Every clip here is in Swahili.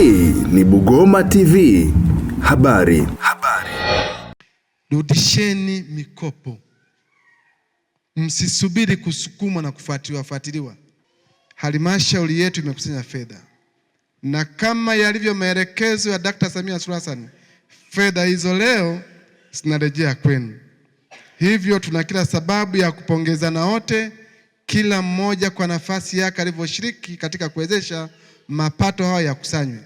Hii ni Bugoma TV. Habari. Habari. Rudisheni mikopo. Msisubiri kusukumwa na kufuatiliwa fuatiliwa. Halmashauri yetu imekusanya fedha na kama yalivyo maelekezo ya Dkt. Samia Suluhu Hassan, fedha hizo leo zinarejea kwenu. Hivyo tuna kila sababu ya kupongezana wote, kila mmoja kwa nafasi yake alivyoshiriki katika kuwezesha mapato hayo yakusanywe.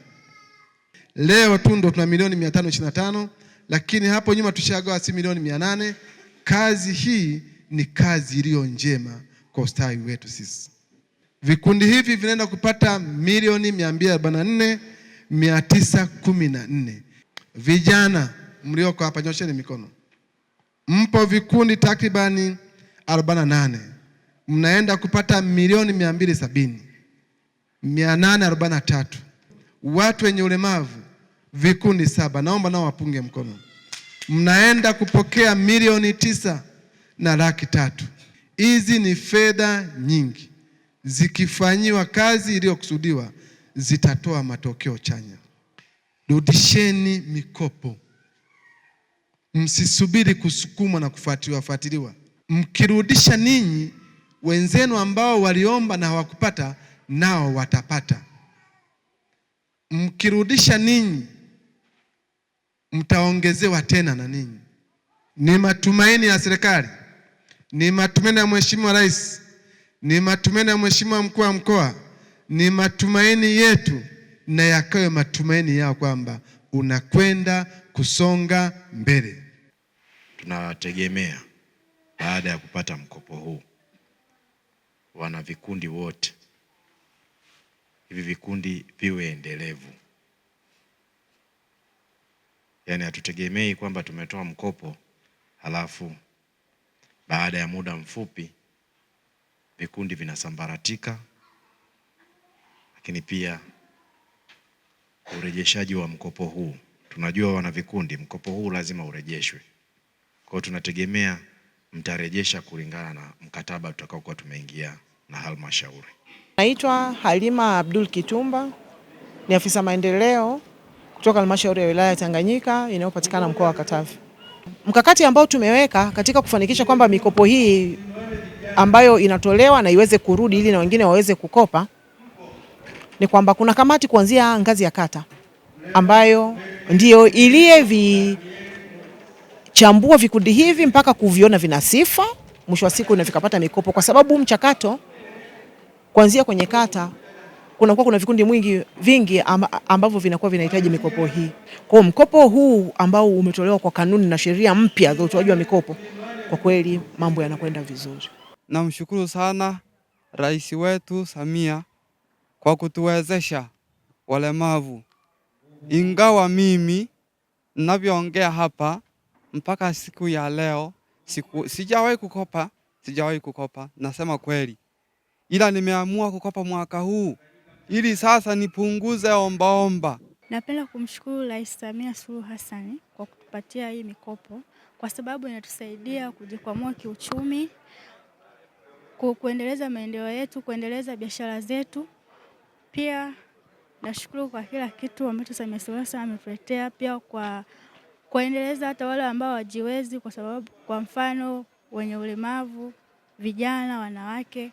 Leo tu ndo tuna milioni 525 lakini hapo nyuma tushagawa si milioni 800. Kazi hii ni kazi iliyo njema kwa ustawi wetu sisi. Vikundi hivi vinaenda kupata milioni 244 914. Vijana mlioko hapa nyosheni mikono, mpo vikundi takribani 48, mnaenda kupata milioni 270 843 watu wenye ulemavu vikundi saba, naomba nao wapunge mkono. Mnaenda kupokea milioni tisa na laki tatu. Hizi ni fedha nyingi, zikifanyiwa kazi iliyokusudiwa zitatoa matokeo chanya. Rudisheni mikopo, msisubiri kusukumwa na kufuatiliwa fuatiliwa. Mkirudisha ninyi, wenzenu ambao waliomba na hawakupata nao watapata mkirudisha ninyi mtaongezewa tena na ninyi. Ni matumaini ya serikali, ni matumaini ya Mheshimiwa Rais, ni matumaini ya Mheshimiwa mkuu wa mkoa, ni matumaini yetu na yakawe matumaini yao kwamba unakwenda kusonga mbele. tunawategemea baada ya kupata mkopo huu, wana vikundi wote hivi vikundi viwe endelevu. Yaani hatutegemei kwamba tumetoa mkopo halafu baada ya muda mfupi vikundi vinasambaratika, lakini pia urejeshaji wa mkopo huu, tunajua wana vikundi, mkopo huu lazima urejeshwe. Kwa hiyo tunategemea mtarejesha kulingana na mkataba tutakaokuwa tumeingia na halmashauri. Naitwa Halima Abdul Kitumba, ni afisa maendeleo kutoka halmashauri ya wilaya ya Tanganyika inayopatikana mkoa wa Katavi. Mkakati ambao tumeweka katika kufanikisha kwamba mikopo hii ambayo inatolewa na iweze kurudi ili na wengine waweze kukopa ni kwamba kuna kamati kuanzia ngazi ya kata ambayo ndiyo iliyevichambua vikundi hivi mpaka kuviona vina sifa, mwisho wa siku na vikapata mikopo, kwa sababu mchakato kuanzia kwenye kata kunakuwa kuna vikundi mwingi vingi ambavyo vinakuwa vinahitaji mikopo hii. Kwa mkopo huu ambao umetolewa kwa kanuni na sheria mpya za utoaji wa mikopo, kwa kweli mambo yanakwenda vizuri. Namshukuru sana Rais wetu Samia kwa kutuwezesha walemavu, ingawa mimi ninavyoongea hapa mpaka siku ya leo siku, sijawahi kukopa, sijawahi kukopa, nasema kweli ila nimeamua kukopa mwaka huu ili sasa nipunguze ombaomba. Napenda kumshukuru Rais Samia Suluhu Hassan kwa kutupatia hii mikopo kwa sababu inatusaidia kujikwamua kiuchumi, kuendeleza maendeleo yetu, kuendeleza biashara zetu. Pia nashukuru kwa kila kitu ambacho Samia Suluhu Hassan ametuletea, pia kwa kuendeleza hata wale ambao wajiwezi, kwa sababu kwa mfano wenye ulemavu, vijana, wanawake